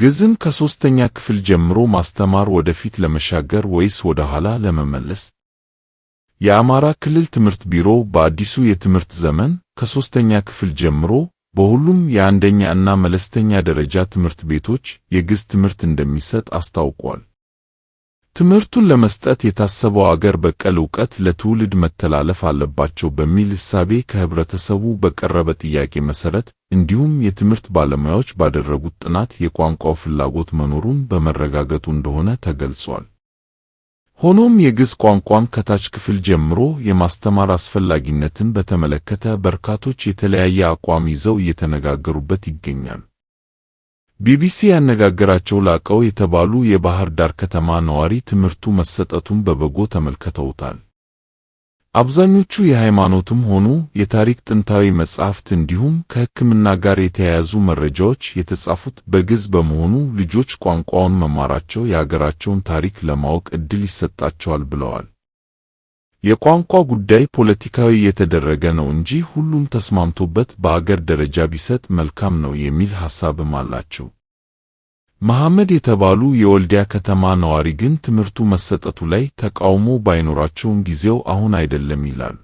ግዕዝን ከሦስተኛ ክፍል ጀምሮ ማስተማር ወደፊት ለመሻገር ወይስ ወደ ኋላ ለመመለስ? የአማራ ክልል ትምህርት ቢሮ በአዲሱ የትምህርት ዘመን ከሦስተኛ ክፍል ጀምሮ በሁሉም የአንደኛ እና መለስተኛ ደረጃ ትምህርት ቤቶች የግዕዝ ትምህርት እንደሚሰጥ አስታውቋል። ትምህርቱን ለመስጠት የታሰበው አገር በቀል ዕውቀት ለትውልድ መተላለፍ አለባቸው በሚል እሳቤ ከህብረተሰቡ በቀረበ ጥያቄ መሰረት እንዲሁም የትምህርት ባለሙያዎች ባደረጉት ጥናት የቋንቋው ፍላጎት መኖሩን በመረጋገጡ እንደሆነ ተገልጿል። ሆኖም የግዕዝ ቋንቋን ከታች ክፍል ጀምሮ የማስተማር አስፈላጊነትን በተመለከተ በርካቶች የተለያየ አቋም ይዘው እየተነጋገሩበት ይገኛል። ቢቢሲ ያነጋገራቸው ላቀው የተባሉ የባህር ዳር ከተማ ነዋሪ ትምህርቱ መሰጠቱን በበጎ ተመልክተውታል። አብዛኞቹ የሃይማኖትም ሆኑ የታሪክ ጥንታዊ መጻሕፍት እንዲሁም ከሕክምና ጋር የተያያዙ መረጃዎች የተጻፉት በግዕዝ በመሆኑ ልጆች ቋንቋውን መማራቸው የአገራቸውን ታሪክ ለማወቅ ዕድል ይሰጣቸዋል ብለዋል። የቋንቋ ጉዳይ ፖለቲካዊ የተደረገ ነው እንጂ ሁሉም ተስማምቶበት በአገር ደረጃ ቢሰጥ መልካም ነው የሚል ሐሳብም አላቸው። መሐመድ የተባሉ የወልዲያ ከተማ ነዋሪ ግን ትምህርቱ መሰጠቱ ላይ ተቃውሞ ባይኖራቸውም ጊዜው አሁን አይደለም ይላሉ።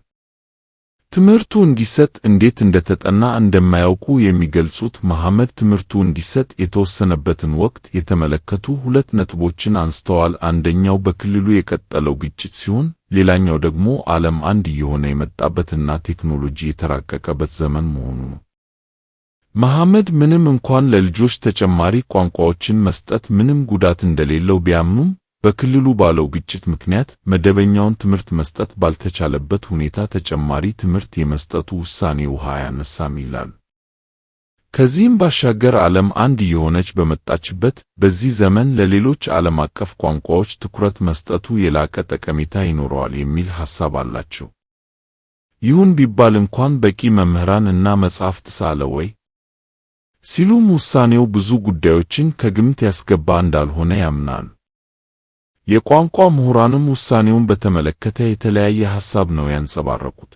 ትምህርቱ እንዲሰጥ እንዴት እንደተጠና እንደማያውቁ የሚገልጹት መሐመድ ትምህርቱ እንዲሰጥ የተወሰነበትን ወቅት የተመለከቱ ሁለት ነጥቦችን አንስተዋል። አንደኛው በክልሉ የቀጠለው ግጭት ሲሆን፣ ሌላኛው ደግሞ ዓለም አንድ እየሆነ የመጣበትና ቴክኖሎጂ የተራቀቀበት ዘመን መሆኑ ነው። መሐመድ ምንም እንኳን ለልጆች ተጨማሪ ቋንቋዎችን መስጠት ምንም ጉዳት እንደሌለው ቢያምኑም በክልሉ ባለው ግጭት ምክንያት መደበኛውን ትምህርት መስጠት ባልተቻለበት ሁኔታ ተጨማሪ ትምህርት የመስጠቱ ውሳኔ ውሃ አያነሳም ይላሉ። ከዚህም ባሻገር ዓለም አንድ የሆነች በመጣችበት በዚህ ዘመን ለሌሎች ዓለም አቀፍ ቋንቋዎች ትኩረት መስጠቱ የላቀ ጠቀሜታ ይኖረዋል የሚል ሐሳብ አላቸው። ይሁን ቢባል እንኳን በቂ መምህራን እና መጻሕፍት ሳለ ወይ ሲሉም ውሳኔው ብዙ ጉዳዮችን ከግምት ያስገባ እንዳልሆነ ያምናሉ። የቋንቋ ምሁራንም ውሳኔውን በተመለከተ የተለያየ ሐሳብ ነው ያንጸባረቁት።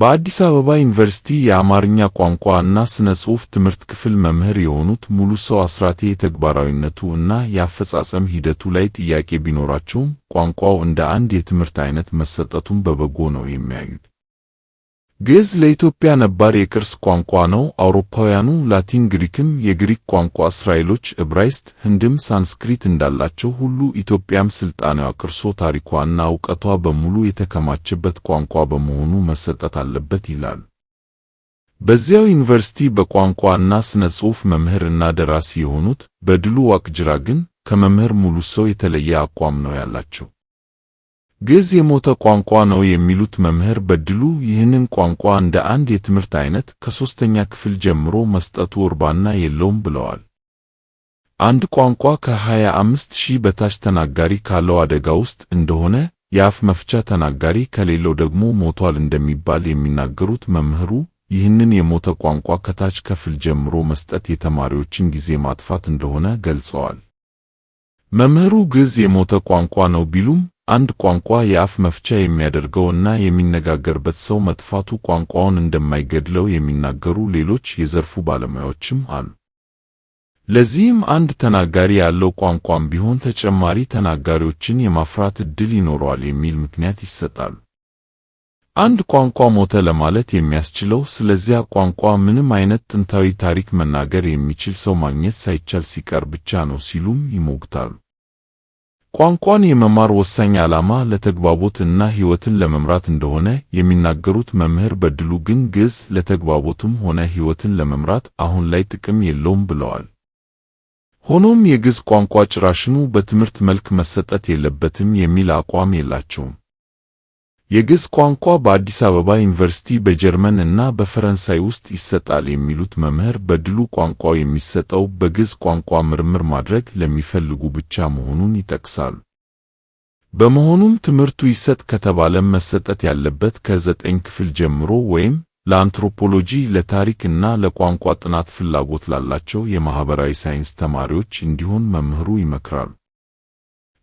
በአዲስ አበባ ዩኒቨርሲቲ የአማርኛ ቋንቋ እና ስነ ጽሑፍ ትምህርት ክፍል መምህር የሆኑት ሙሉ ሰው አስራቴ የተግባራዊነቱ እና የአፈጻጸም ሂደቱ ላይ ጥያቄ ቢኖራቸውም ቋንቋው እንደ አንድ የትምህርት አይነት መሰጠቱን በበጎ ነው የሚያዩት። ግዕዝ ለኢትዮጵያ ነባር የቅርስ ቋንቋ ነው። አውሮፓውያኑ ላቲን፣ ግሪክም የግሪክ ቋንቋ፣ እስራኤሎች ዕብራይስጥ፣ ህንድም ሳንስክሪት እንዳላቸው ሁሉ ኢትዮጵያም ሥልጣኔዋ፣ ቅርሶ፣ ታሪኳና እውቀቷ በሙሉ የተከማቸበት ቋንቋ በመሆኑ መሰጠት አለበት ይላል። በዚያው ዩኒቨርሲቲ በቋንቋ እና ሥነ ጽሑፍ መምህር እና ደራሲ የሆኑት በድሉ ዋቅጅራ ግን ከመምህር ሙሉ ሰው የተለየ አቋም ነው ያላቸው። ግዕዝ የሞተ ቋንቋ ነው የሚሉት መምህር በድሉ ይህንን ቋንቋ እንደ አንድ የትምህርት አይነት ከሦስተኛ ክፍል ጀምሮ መስጠቱ እርባና የለውም ብለዋል። አንድ ቋንቋ ከ25 ሺህ በታች ተናጋሪ ካለው አደጋ ውስጥ እንደሆነ የአፍ መፍቻ ተናጋሪ ከሌለው ደግሞ ሞቷል እንደሚባል የሚናገሩት መምህሩ ይህንን የሞተ ቋንቋ ከታች ክፍል ጀምሮ መስጠት የተማሪዎችን ጊዜ ማጥፋት እንደሆነ ገልጸዋል። መምህሩ ግዕዝ የሞተ ቋንቋ ነው ቢሉም አንድ ቋንቋ የአፍ መፍቻ የሚያደርገውና የሚነጋገርበት ሰው መጥፋቱ ቋንቋውን እንደማይገድለው የሚናገሩ ሌሎች የዘርፉ ባለሙያዎችም አሉ። ለዚህም አንድ ተናጋሪ ያለው ቋንቋም ቢሆን ተጨማሪ ተናጋሪዎችን የማፍራት ዕድል ይኖረዋል የሚል ምክንያት ይሰጣሉ። አንድ ቋንቋ ሞተ ለማለት የሚያስችለው ስለዚያ ቋንቋ ምንም ዓይነት ጥንታዊ ታሪክ መናገር የሚችል ሰው ማግኘት ሳይቻል ሲቀር ብቻ ነው ሲሉም ይሞግታሉ። ቋንቋን የመማር ወሳኝ ዓላማ ለተግባቦት እና ሕይወትን ለመምራት እንደሆነ የሚናገሩት መምህር በድሉ ግን ግዕዝ ለተግባቦትም ሆነ ሕይወትን ለመምራት አሁን ላይ ጥቅም የለውም ብለዋል። ሆኖም የግዕዝ ቋንቋ ጭራሽኑ በትምህርት መልክ መሰጠት የለበትም የሚል አቋም የላቸውም። የግዕዝ ቋንቋ በአዲስ አበባ ዩኒቨርሲቲ በጀርመን እና በፈረንሳይ ውስጥ ይሰጣል የሚሉት መምህር በድሉ ቋንቋው የሚሰጠው በግዕዝ ቋንቋ ምርምር ማድረግ ለሚፈልጉ ብቻ መሆኑን ይጠቅሳሉ። በመሆኑም ትምህርቱ ይሰጥ ከተባለም መሰጠት ያለበት ከዘጠኝ ክፍል ጀምሮ ወይም ለአንትሮፖሎጂ ለታሪክ እና ለቋንቋ ጥናት ፍላጎት ላላቸው የማህበራዊ ሳይንስ ተማሪዎች እንዲሆን መምህሩ ይመክራሉ።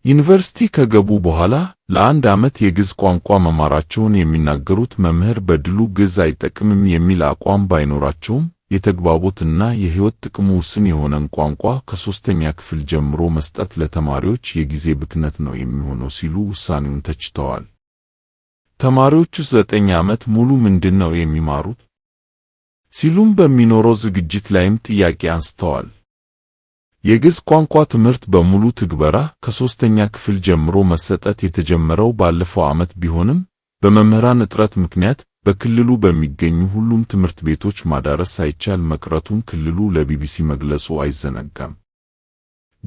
ዩኒቨርሲቲ ከገቡ በኋላ ለአንድ ዓመት የግዕዝ ቋንቋ መማራቸውን የሚናገሩት መምህር በድሉ ግዕዝ አይጠቅምም የሚል አቋም ባይኖራቸውም የተግባቦትና የሕይወት ጥቅሙ ውስን የሆነን ቋንቋ ከሦስተኛ ክፍል ጀምሮ መስጠት ለተማሪዎች የጊዜ ብክነት ነው የሚሆነው ሲሉ ውሳኔውን ተችተዋል። ተማሪዎቹ ዘጠኝ ዓመት ሙሉ ምንድን ነው የሚማሩት? ሲሉም በሚኖረው ዝግጅት ላይም ጥያቄ አንስተዋል። የግዕዝ ቋንቋ ትምህርት በሙሉ ትግበራ ከሦስተኛ ክፍል ጀምሮ መሰጠት የተጀመረው ባለፈው ዓመት ቢሆንም በመምህራን እጥረት ምክንያት በክልሉ በሚገኙ ሁሉም ትምህርት ቤቶች ማዳረስ ሳይቻል መቅረቱን ክልሉ ለቢቢሲ መግለጹ አይዘነጋም።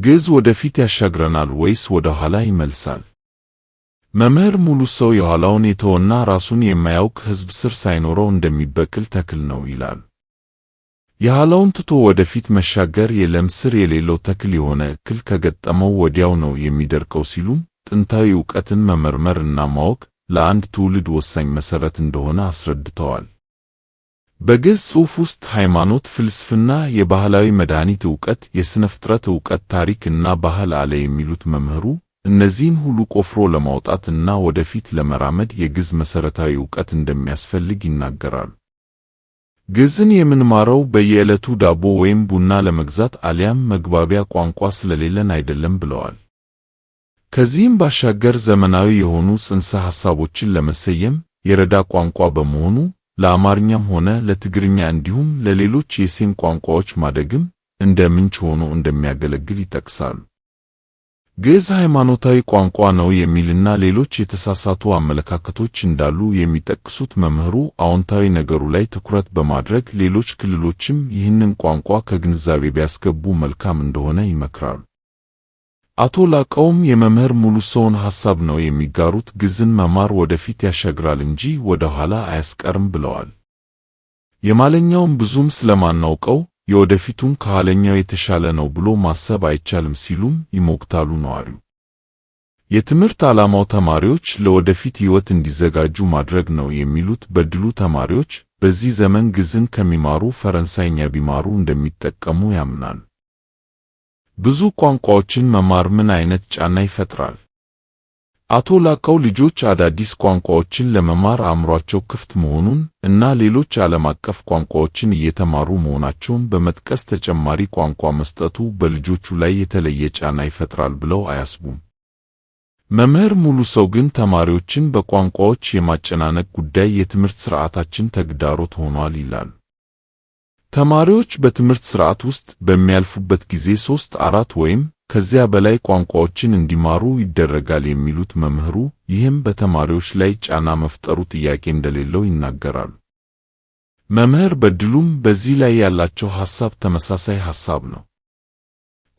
ግዕዝ ወደፊት ያሻግረናል ወይስ ወደ ኋላ ይመልሳል? መምህር ሙሉ ሰው የኋላውን የተወና ራሱን የማያውቅ ሕዝብ ስር ሳይኖረው እንደሚበቅል ተክል ነው ይላል። የኋላውን ትቶ ወደፊት መሻገር የለም። ሥር የሌለው ተክል የሆነ እክል ከገጠመው ወዲያው ነው የሚደርቀው ሲሉም ጥንታዊ ዕውቀትን መመርመር እና ማወቅ ለአንድ ትውልድ ወሳኝ መሠረት እንደሆነ አስረድተዋል። በግዕዝ ጽሑፍ ውስጥ ሃይማኖት፣ ፍልስፍና፣ የባህላዊ መድኃኒት ዕውቀት፣ የሥነ ፍጥረት ዕውቀት፣ ታሪክ እና ባህል አለ የሚሉት መምህሩ እነዚህን ሁሉ ቆፍሮ ለማውጣት እና ወደፊት ለመራመድ የግዕዝ መሠረታዊ ዕውቀት እንደሚያስፈልግ ይናገራሉ። ግዕዝን የምንማረው በየዕለቱ ዳቦ ወይም ቡና ለመግዛት አሊያም መግባቢያ ቋንቋ ስለሌለን አይደለም ብለዋል። ከዚህም ባሻገር ዘመናዊ የሆኑ ጽንሰ ሐሳቦችን ለመሰየም የረዳ ቋንቋ በመሆኑ ለአማርኛም ሆነ ለትግርኛ እንዲሁም ለሌሎች የሴም ቋንቋዎች ማደግም እንደ ምንጭ ሆኖ እንደሚያገለግል ይጠቅሳሉ። ግዕዝ ሃይማኖታዊ ቋንቋ ነው የሚልና ሌሎች የተሳሳቱ አመለካከቶች እንዳሉ የሚጠቅሱት መምህሩ አዎንታዊ ነገሩ ላይ ትኩረት በማድረግ ሌሎች ክልሎችም ይህንን ቋንቋ ከግንዛቤ ቢያስገቡ መልካም እንደሆነ ይመክራሉ። አቶ ላቀውም የመምህር ሙሉ ሰውን ሐሳብ ነው የሚጋሩት። ግዕዝን መማር ወደፊት ያሻግራል እንጂ ወደ ኋላ አያስቀርም ብለዋል። የማለኛውም ብዙም ስለማናውቀው የወደፊቱም ከኋለኛው የተሻለ ነው ብሎ ማሰብ አይቻልም ሲሉም ይሞግታሉ ነዋሪው። የትምህርት ዓላማው ተማሪዎች ለወደፊት ሕይወት እንዲዘጋጁ ማድረግ ነው የሚሉት በድሉ ተማሪዎች በዚህ ዘመን ግዕዝን ከሚማሩ ፈረንሳይኛ ቢማሩ እንደሚጠቀሙ ያምናል። ብዙ ቋንቋዎችን መማር ምን አይነት ጫና ይፈጥራል? አቶ ላቀው ልጆች አዳዲስ ቋንቋዎችን ለመማር አእምሯቸው ክፍት መሆኑን እና ሌሎች ዓለም አቀፍ ቋንቋዎችን እየተማሩ መሆናቸውን በመጥቀስ ተጨማሪ ቋንቋ መስጠቱ በልጆቹ ላይ የተለየ ጫና ይፈጥራል ብለው አያስቡም። መምህር ሙሉ ሰው ግን ተማሪዎችን በቋንቋዎች የማጨናነቅ ጉዳይ የትምህርት ሥርዓታችን ተግዳሮት ሆኗል ይላል። ተማሪዎች በትምህርት ሥርዓት ውስጥ በሚያልፉበት ጊዜ ሦስት አራት ወይም ከዚያ በላይ ቋንቋዎችን እንዲማሩ ይደረጋል የሚሉት መምህሩ፣ ይህም በተማሪዎች ላይ ጫና መፍጠሩ ጥያቄ እንደሌለው ይናገራሉ። መምህር በድሉም በዚህ ላይ ያላቸው ሐሳብ ተመሳሳይ ሐሳብ ነው።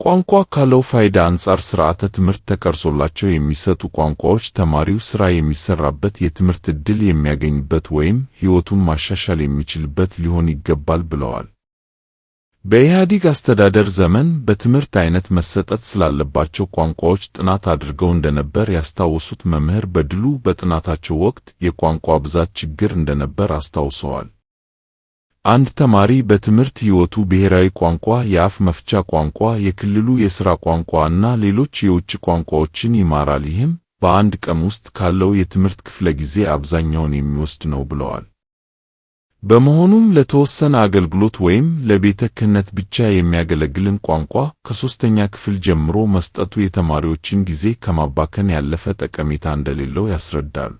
ቋንቋ ካለው ፋይዳ አንጻር ስርዓተ ትምህርት ተቀርሶላቸው የሚሰጡ ቋንቋዎች ተማሪው ስራ የሚሰራበት የትምህርት ዕድል የሚያገኝበት ወይም ሕይወቱን ማሻሻል የሚችልበት ሊሆን ይገባል ብለዋል። በኢህአዲግ አስተዳደር ዘመን በትምህርት አይነት መሰጠት ስላለባቸው ቋንቋዎች ጥናት አድርገው እንደነበር ያስታወሱት መምህር በድሉ በጥናታቸው ወቅት የቋንቋ ብዛት ችግር እንደነበር አስታውሰዋል። አንድ ተማሪ በትምህርት ሕይወቱ ብሔራዊ ቋንቋ፣ የአፍ መፍቻ ቋንቋ፣ የክልሉ የሥራ ቋንቋ እና ሌሎች የውጭ ቋንቋዎችን ይማራል። ይህም በአንድ ቀን ውስጥ ካለው የትምህርት ክፍለ ጊዜ አብዛኛውን የሚወስድ ነው ብለዋል። በመሆኑም ለተወሰነ አገልግሎት ወይም ለቤተ ክህነት ብቻ የሚያገለግልን ቋንቋ ከሦስተኛ ክፍል ጀምሮ መስጠቱ የተማሪዎችን ጊዜ ከማባከን ያለፈ ጠቀሜታ እንደሌለው ያስረዳል።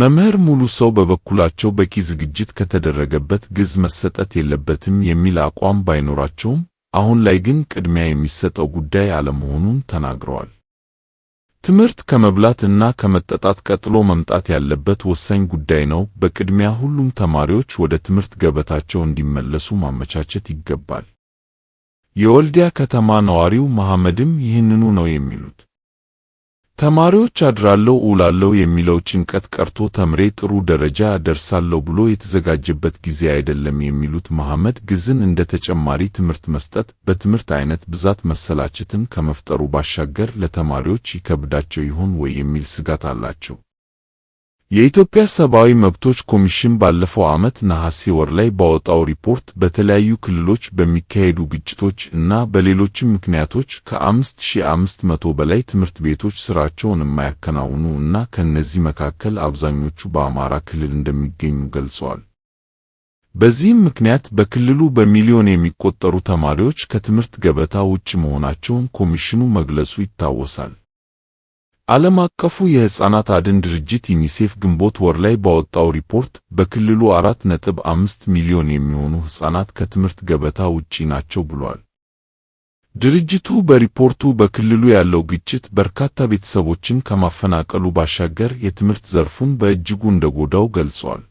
መምህር ሙሉ ሰው በበኩላቸው በቂ ዝግጅት ከተደረገበት ግዕዝ መሰጠት የለበትም የሚል አቋም ባይኖራቸውም አሁን ላይ ግን ቅድሚያ የሚሰጠው ጉዳይ አለመሆኑን ተናግረዋል። ትምህርት ከመብላት እና ከመጠጣት ቀጥሎ መምጣት ያለበት ወሳኝ ጉዳይ ነው። በቅድሚያ ሁሉም ተማሪዎች ወደ ትምህርት ገበታቸው እንዲመለሱ ማመቻቸት ይገባል። የወልዲያ ከተማ ነዋሪው መሐመድም ይህንኑ ነው የሚሉት። ተማሪዎች አድራለሁ እውላለሁ የሚለው ጭንቀት ቀርቶ ተምሬ ጥሩ ደረጃ ደርሳለሁ ብሎ የተዘጋጀበት ጊዜ አይደለም የሚሉት መሐመድ ግዝን እንደ ተጨማሪ ትምህርት መስጠት በትምህርት አይነት ብዛት መሰላቸትን ከመፍጠሩ ባሻገር ለተማሪዎች ይከብዳቸው ይሆን ወይ የሚል ስጋት አላቸው። የኢትዮጵያ ሰብአዊ መብቶች ኮሚሽን ባለፈው ዓመት ነሐሴ ወር ላይ ባወጣው ሪፖርት በተለያዩ ክልሎች በሚካሄዱ ግጭቶች እና በሌሎችም ምክንያቶች ከ5500 በላይ ትምህርት ቤቶች ስራቸውን የማያከናውኑ እና ከእነዚህ መካከል አብዛኞቹ በአማራ ክልል እንደሚገኙ ገልጸዋል። በዚህም ምክንያት በክልሉ በሚሊዮን የሚቆጠሩ ተማሪዎች ከትምህርት ገበታ ውጭ መሆናቸውን ኮሚሽኑ መግለጹ ይታወሳል። ዓለም አቀፉ የሕፃናት አድን ድርጅት ዩኒሴፍ ግንቦት ወር ላይ ባወጣው ሪፖርት በክልሉ 4.5 ሚሊዮን የሚሆኑ ሕፃናት ከትምህርት ገበታ ውጪ ናቸው ብሏል። ድርጅቱ በሪፖርቱ በክልሉ ያለው ግጭት በርካታ ቤተሰቦችን ከማፈናቀሉ ባሻገር የትምህርት ዘርፉን በእጅጉ እንደጎዳው ገልጿል።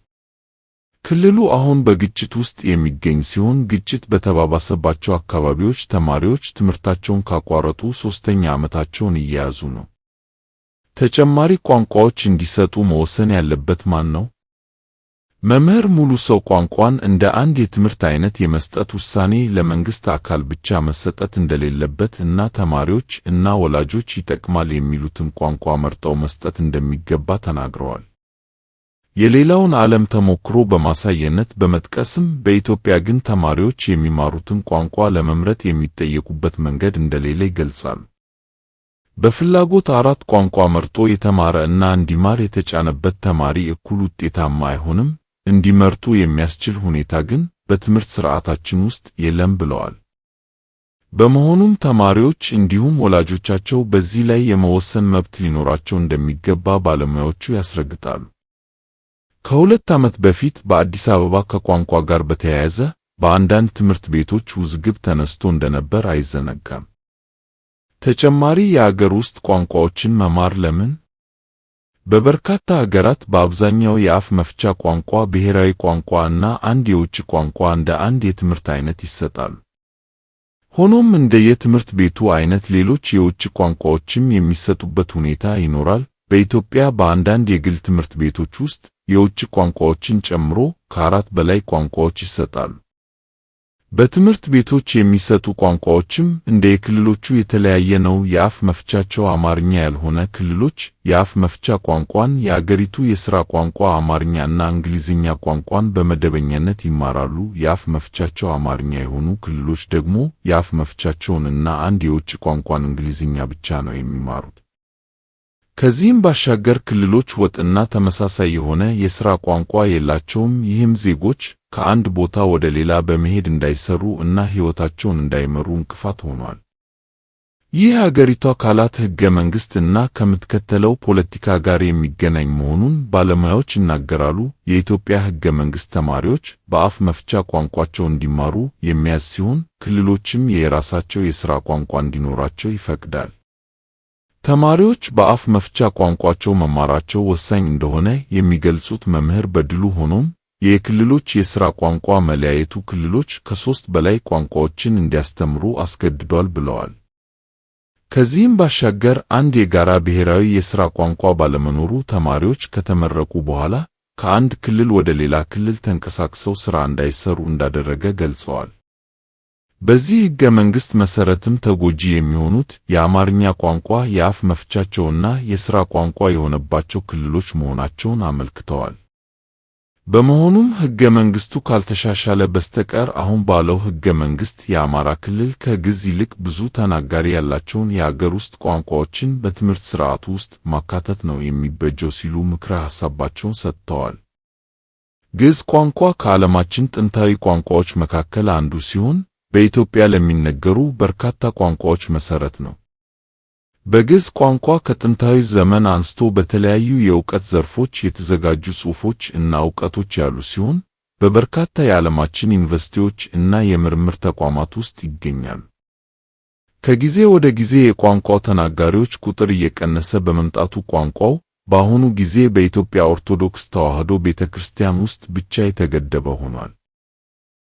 ክልሉ አሁን በግጭት ውስጥ የሚገኝ ሲሆን ግጭት በተባባሰባቸው አካባቢዎች ተማሪዎች ትምህርታቸውን ካቋረጡ ሦስተኛ ዓመታቸውን እየያዙ ነው። ተጨማሪ ቋንቋዎች እንዲሰጡ መወሰን ያለበት ማን ነው? መምህር ሙሉ ሰው ቋንቋን እንደ አንድ የትምህርት አይነት የመስጠት ውሳኔ ለመንግስት አካል ብቻ መሰጠት እንደሌለበት እና ተማሪዎች እና ወላጆች ይጠቅማል የሚሉትን ቋንቋ መርጠው መስጠት እንደሚገባ ተናግረዋል። የሌላውን ዓለም ተሞክሮ በማሳየነት በመጥቀስም በኢትዮጵያ ግን ተማሪዎች የሚማሩትን ቋንቋ ለመምረጥ የሚጠየቁበት መንገድ እንደሌለ ይገልጻሉ። በፍላጎት አራት ቋንቋ መርጦ የተማረ እና እንዲማር የተጫነበት ተማሪ እኩል ውጤታማ አይሆንም። እንዲመርጡ የሚያስችል ሁኔታ ግን በትምህርት ስርዓታችን ውስጥ የለም ብለዋል። በመሆኑም ተማሪዎች እንዲሁም ወላጆቻቸው በዚህ ላይ የመወሰን መብት ሊኖራቸው እንደሚገባ ባለሙያዎቹ ያስረግጣሉ። ከሁለት ዓመት በፊት በአዲስ አበባ ከቋንቋ ጋር በተያያዘ በአንዳንድ ትምህርት ቤቶች ውዝግብ ተነስቶ እንደነበር አይዘነጋም። ተጨማሪ የአገር ውስጥ ቋንቋዎችን መማር ለምን? በበርካታ ሀገራት በአብዛኛው የአፍ መፍቻ ቋንቋ፣ ብሔራዊ ቋንቋ እና አንድ የውጭ ቋንቋ እንደ አንድ የትምህርት አይነት ይሰጣሉ። ሆኖም እንደ የትምህርት ቤቱ አይነት ሌሎች የውጭ ቋንቋዎችም የሚሰጡበት ሁኔታ ይኖራል። በኢትዮጵያ በአንዳንድ የግል ትምህርት ቤቶች ውስጥ የውጭ ቋንቋዎችን ጨምሮ ከአራት በላይ ቋንቋዎች ይሰጣሉ። በትምህርት ቤቶች የሚሰጡ ቋንቋዎችም እንደ የክልሎቹ የተለያየ ነው። የአፍ መፍቻቸው አማርኛ ያልሆነ ክልሎች የአፍ መፍቻ ቋንቋን፣ የአገሪቱ የሥራ ቋንቋ አማርኛና እንግሊዝኛ ቋንቋን በመደበኛነት ይማራሉ። የአፍ መፍቻቸው አማርኛ የሆኑ ክልሎች ደግሞ የአፍ መፍቻቸውንና አንድ የውጭ ቋንቋን እንግሊዝኛ ብቻ ነው የሚማሩት። ከዚህም ባሻገር ክልሎች ወጥና ተመሳሳይ የሆነ የሥራ ቋንቋ የላቸውም። ይህም ዜጎች ከአንድ ቦታ ወደ ሌላ በመሄድ እንዳይሰሩ እና ሕይወታቸውን እንዳይመሩ እንቅፋት ሆኗል። ይህ አገሪቷ ካላት ሕገ መንግሥት እና ከምትከተለው ፖለቲካ ጋር የሚገናኝ መሆኑን ባለሙያዎች ይናገራሉ። የኢትዮጵያ ሕገ መንግሥት ተማሪዎች በአፍ መፍቻ ቋንቋቸው እንዲማሩ የሚያዝ ሲሆን፣ ክልሎችም የራሳቸው የሥራ ቋንቋ እንዲኖራቸው ይፈቅዳል። ተማሪዎች በአፍ መፍቻ ቋንቋቸው መማራቸው ወሳኝ እንደሆነ የሚገልጹት መምህር በድሉ ሆኖም የክልሎች የሥራ ቋንቋ መለያየቱ ክልሎች ከሦስት በላይ ቋንቋዎችን እንዲያስተምሩ አስገድዷል ብለዋል። ከዚህም ባሻገር አንድ የጋራ ብሔራዊ የሥራ ቋንቋ ባለመኖሩ ተማሪዎች ከተመረቁ በኋላ ከአንድ ክልል ወደ ሌላ ክልል ተንቀሳቅሰው ሥራ እንዳይሰሩ እንዳደረገ ገልጸዋል። በዚህ ሕገ መንግሥት መሠረትም ተጎጂ የሚሆኑት የአማርኛ ቋንቋ የአፍ መፍቻቸውና የሥራ ቋንቋ የሆነባቸው ክልሎች መሆናቸውን አመልክተዋል። በመሆኑም ሕገ መንግሥቱ ካልተሻሻለ በስተቀር አሁን ባለው ሕገ መንግሥት የአማራ ክልል ከግዕዝ ይልቅ ብዙ ተናጋሪ ያላቸውን የአገር ውስጥ ቋንቋዎችን በትምህርት ሥርዓቱ ውስጥ ማካተት ነው የሚበጀው ሲሉ ምክረ ሐሳባቸውን ሰጥተዋል። ግዕዝ ቋንቋ ከዓለማችን ጥንታዊ ቋንቋዎች መካከል አንዱ ሲሆን በኢትዮጵያ ለሚነገሩ በርካታ ቋንቋዎች መሠረት ነው። በግዕዝ ቋንቋ ከጥንታዊ ዘመን አንስቶ በተለያዩ የእውቀት ዘርፎች የተዘጋጁ ጽሑፎች እና እውቀቶች ያሉ ሲሆን በበርካታ የዓለማችን ዩኒቨርሲቲዎች እና የምርምር ተቋማት ውስጥ ይገኛሉ። ከጊዜ ወደ ጊዜ የቋንቋው ተናጋሪዎች ቁጥር እየቀነሰ በመምጣቱ ቋንቋው በአሁኑ ጊዜ በኢትዮጵያ ኦርቶዶክስ ተዋሕዶ ቤተ ክርስቲያን ውስጥ ብቻ የተገደበ ሆኗል።